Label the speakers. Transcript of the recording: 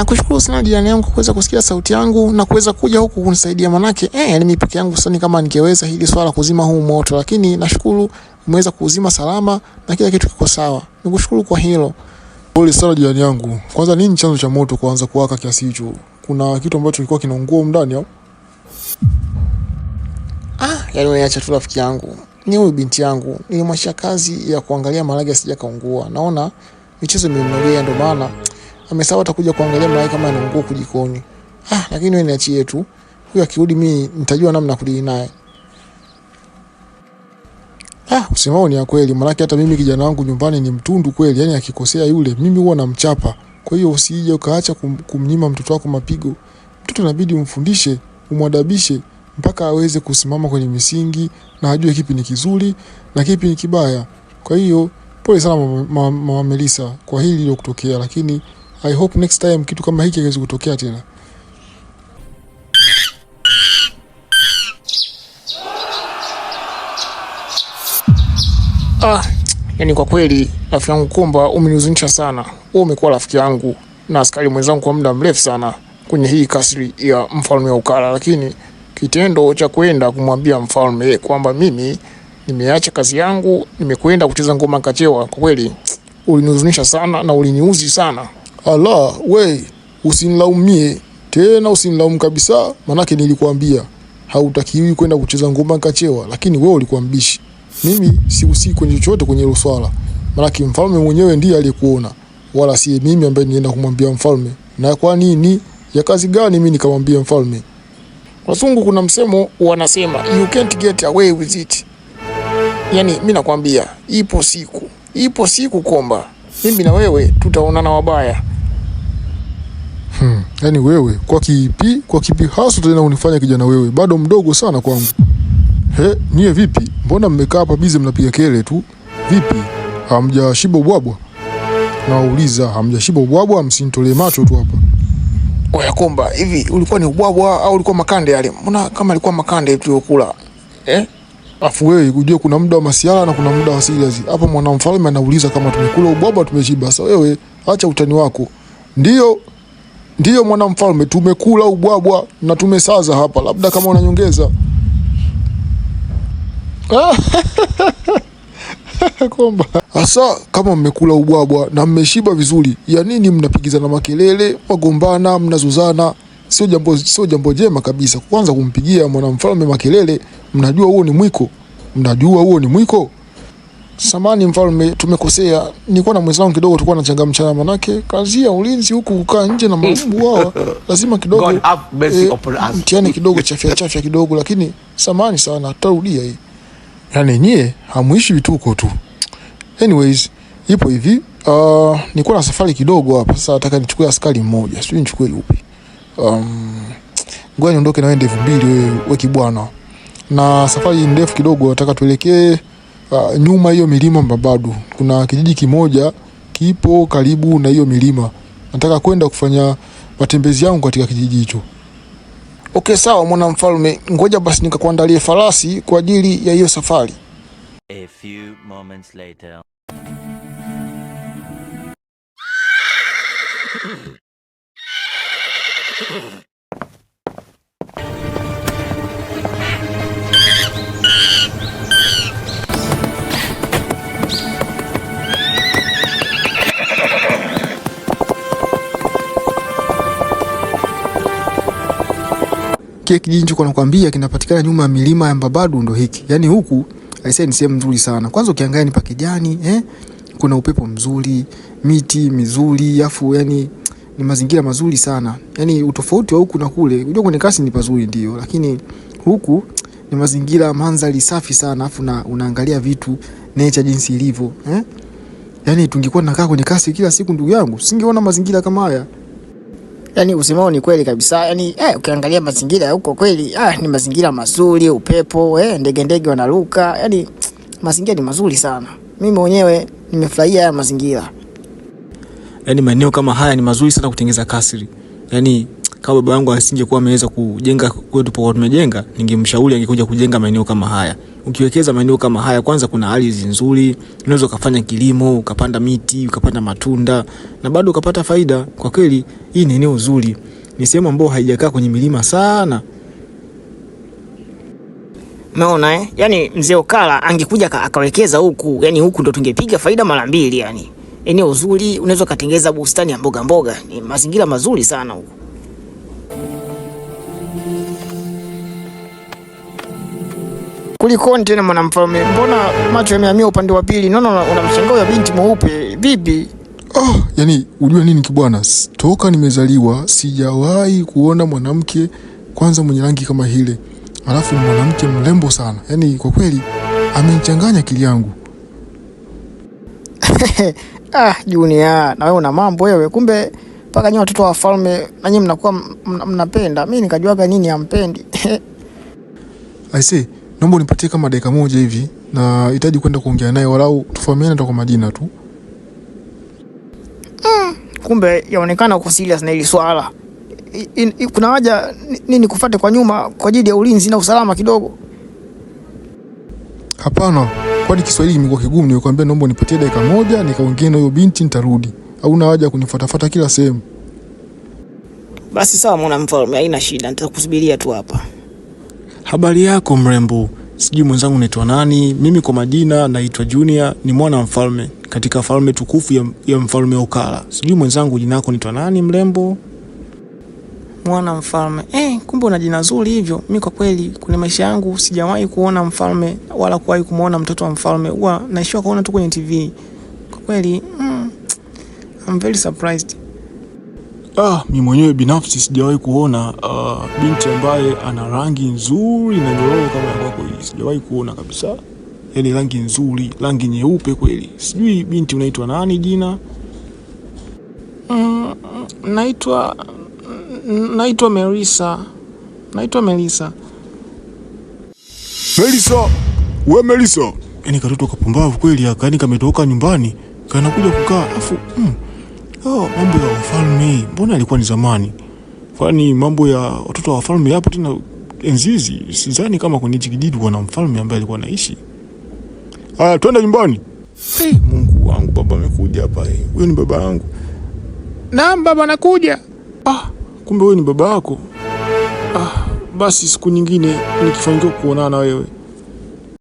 Speaker 1: Nakushukuru sana jirani yangu kuweza kusikia sauti yangu na kuweza kuja huku kunisaidia, manake eh, ni peke yangu sani kama ningeweza hili swala kuzima huu moto, lakini nashukuru umeweza kuzima salama na kila kitu kiko sawa. Nikushukuru kwa hilo.
Speaker 2: Pole sana jirani yangu. Kwanza nini chanzo cha moto kuanza kuwaka kiasi hicho? Kuna kitu ambacho kilikuwa kinaungua ndani au?
Speaker 1: Ah, yani uniacha tu rafiki yangu. Ni huyu binti yangu. Nilimwachia kazi ya kuangalia maharage kaungua. Naona michezo imemnogea ndio maana amesahau atakuja kuangalia mlai kama ana nguo kujikoni. Ah, lakini wewe niachie tu. Huyu akirudi mimi nitajua namna kudili naye. Ah, usimao ni ya kweli. Maana hata mimi kijana wangu nyumbani ni mtundu kweli. Yaani akikosea yule mimi huwa namchapa. Kwa hiyo usije ukaacha kum, kumnyima mtoto wako mapigo. Mtoto inabidi umfundishe, umwadabishe mpaka aweze kusimama kwenye misingi na ajue kipi ni kizuri na kipi ni kibaya. Kwa hiyo pole sana mama, mama Melissa kwa hili lilokutokea, lakini I hope next time kitu kama hiki haiwezi kutokea tena.
Speaker 3: Ah, yani kwa kweli rafiki yangu Komba umenihuzunisha sana. Wewe umekuwa rafiki yangu na askari mwenzangu kwa muda mrefu sana kwenye hii kasri ya mfalme wa Ukara, lakini kitendo cha kwenda kumwambia mfalme kwamba mimi nimeacha kazi yangu nimekwenda kucheza ngoma Kachewa, kwa kweli ulinihuzunisha sana na uliniuzi sana.
Speaker 2: Allah, we usinlaumie tena, usinlaumu kabisa, manake nilikuambia hautakiwi kwenda kucheza ngoma nkachewa, lakini wewe ulikuwa mbishi. Mimi sihusiki kwenye chochote kwenye hilo swala, manake mfalme mwenyewe ndiye aliyekuona, wala si mimi ambaye nienda kumwambia mfalme. Na kwa nini? Ya kazi gani mimi nikamwambia mfalme?
Speaker 3: Wazungu kuna msemo wanasema you can't get away with it. Yani mimi nakwambia, ipo siku, ipo siku kwamba mimi na wewe tutaonana wabaya.
Speaker 2: Hmm. Yaani wewe kwa kipi, kwa kipi hasa tena unifanya kijana wewe, bado mdogo sana kwangu. He, niye vipi? Mbona mmekaa hapa bize mnapiga kelele tu? Vipi? Hamjashiba ubwabwa? Nauliza, hamjashiba ubwabwa? Msinitolee macho tu hapa.
Speaker 3: Oya Komba, hivi ulikuwa ni ubwabwa au ulikuwa makande yale? Mbona kama alikuwa makande tu yokula? Eh?
Speaker 2: Afu wewe ujue kuna muda wa masiala na kuna muda wa serious. Hapa mwanamfalme anauliza kama tumekula ubwabwa tumeshiba. Sasa wewe acha utani wako. Ndio Ndiyo mwanamfalme, tumekula ubwabwa na tumesaza hapa, labda kama unanyongeza
Speaker 1: kwamba
Speaker 2: hasa kama mmekula ubwabwa na mmeshiba vizuri, ya nini mnapigizana makelele, wagombana, mnazozana? Sio jambo, sio jambo jema kabisa. Kwanza kumpigia mwanamfalme makelele, mnajua huo ni mwiko, mnajua huo ni mwiko.
Speaker 1: Samani mfalme, tumekosea. Nilikuwa na mwenzangu kidogo, tulikuwa na changamchana, manake kazi ya ulinzi huku kukaa nje na mabubu hawa, lazima kidogo eh, mtiani kidogo chafya chafya kidogo, lakini samani sana, tarudia hii.
Speaker 2: Yani nyie hamuishi vituko tu. Anyways, ipo hivi uh, nilikuwa na safari kidogo hapa sasa, nataka nichukue askari mmoja, sijui nichukue yupi. Um, ngoja niondoke na wewe ndevu mbili, wewe we kibwana, na safari ndefu kidogo, nataka tuelekee uh, nyuma hiyo milima Mbabadu kuna kijiji kimoja kipo karibu na hiyo milima. Nataka kwenda kufanya matembezi yangu katika kijiji hicho.
Speaker 3: Okay, sawa mwana mfalme, ngoja basi nikakuandalie farasi kwa ajili ya hiyo safari. A few moments later.
Speaker 1: kile kijiji nilichokuwa nakwambia kinapatikana nyuma ya milima ya Mbabadu ndo hiki. Yaani huku aisee ni sehemu nzuri sana. Kwanza ukiangalia ni pakijani, eh? Kuna upepo mzuri, miti mizuri, afu yani ni mazingira mazuri sana. Yaani utofauti wa huku na kule. Unajua kwenye kasi ni pazuri ndio, lakini huku ni mazingira mandhari safi sana afu na unaangalia vitu nature jinsi ilivyo, eh? Yaani tungekuwa tunakaa kwenye kasi kila siku ndugu yangu, singeona mazingira kama haya
Speaker 3: yani usemao ni kweli kabisa. Yani eh, ukiangalia mazingira ya huko kweli, ah, ni mazingira mazuri, upepo eh, ndege ndege wanaruka, yani mazingira ni mazuri sana. Mimi mwenyewe nimefurahia haya mazingira.
Speaker 1: Yani maeneo kama haya ni mazuri sana kutengeza kasri. Yani kama baba yangu asingekuwa ameweza kujenga kwetu tupo tumejenga, ningemshauri angekuja kujenga maeneo kama haya ukiwekeza maeneo kama haya, kwanza kuna ardhi nzuri, unaweza ukafanya kilimo, ukapanda miti, ukapanda matunda na bado ukapata faida. Kwa kweli hii ni eneo zuri, ni sehemu ambayo haijakaa kwenye milima sana.
Speaker 3: Umeona eh? Yaani mzee Okala angekuja akawekeza huku, yani huku ndo tungepiga faida mara mbili yani. Eneo zuri, unaweza ukatengeza bustani ya mboga mboga, ni mazingira mazuri sana huku. Kulikoni tena mwanamfalme, mbona macho yamehamia upande wa pili? Naona unamshangaa ya binti mweupe vipi?
Speaker 2: Oh, yani ujue nini kibwana, toka nimezaliwa sijawahi kuona mwanamke kwanza mwenye rangi kama hile, alafu mwanamke mrembo sana. Yani kwa kweli amenichanganya akili yangu.
Speaker 3: Ah, Junior, na wewe una mambo wewe. Kumbe mpaka nyewe watoto wa falme na nyinyi mnakuwa mnapenda. Mimi nikajuaga nini ampendi.
Speaker 2: I see naomba unipatie kama dakika moja hivi, nahitaji kwenda kuongea naye, walau tufahamiane kwa majina tu.
Speaker 3: Mm, kumbe yaonekana uko serious na hili swala. Kuna haja nini kufate kwa nyuma kwa ajili ya ulinzi na usalama kidogo?
Speaker 2: Hapana, kwani Kiswahili kimekuwa kigumu? Nilikwambia naomba unipatie dakika moja nikaongee na huyo binti nitarudi. Hauna haja ya kunifuatafuata kila sehemu.
Speaker 3: Basi sawa, mwana mfalme, haina shida, nitakusubiria tu hapa.
Speaker 1: Habari yako mrembo, sijui mwenzangu naitwa nani? Mimi kwa majina naitwa Junior, ni mwana wa mfalme katika falme tukufu ya, ya mfalme ukala Sijui mwenzangu jina lako naitwa nani mrembo?
Speaker 3: Mwana mfalme. Eh, kumbe una jina zuri hivyo. Mimi kwa kweli kwenye maisha yangu sijawahi kuona mfalme wala kuwahi kumuona mtoto wa mfalme. Huwa naishiwa kuona tu kwenye TV. Kwa kweli, mm, I'm very surprised.
Speaker 1: Ah, mi mwenyewe binafsi sijawahi kuona uh, binti ambaye ana rangi nzuri na nyororo kama ya kwako hii, sijawahi kuona kabisa. Yaani rangi nzuri, rangi nyeupe kweli. Sijui binti unaitwa nani jina?
Speaker 3: Mm, naitwa naitwa Melissa, Naitwa Melisa.
Speaker 2: Melissa, we Melissa,
Speaker 1: Yaani katoto kapumbavu kweli, yani kametoka nyumbani, kanakuja kukaa afu mm. Oh, mambo ya wafalme mbona alikuwa ni zamani, kwani mambo ya watoto wa wafalme hapo tena enzi hizi? Sidhani kama kwenye hichi kijiji kuna mfalme ambaye alikuwa anaishi.
Speaker 2: Haya, twende nyumbani.
Speaker 1: Hey, Mungu wangu, baba amekuja hapa. Huyo ni baba yangu.
Speaker 3: Naam baba, nakuja.
Speaker 1: Ah, kumbe wewe ni baba yako. Ah, basi siku nyingine nikifanikiwa kuonana na wewe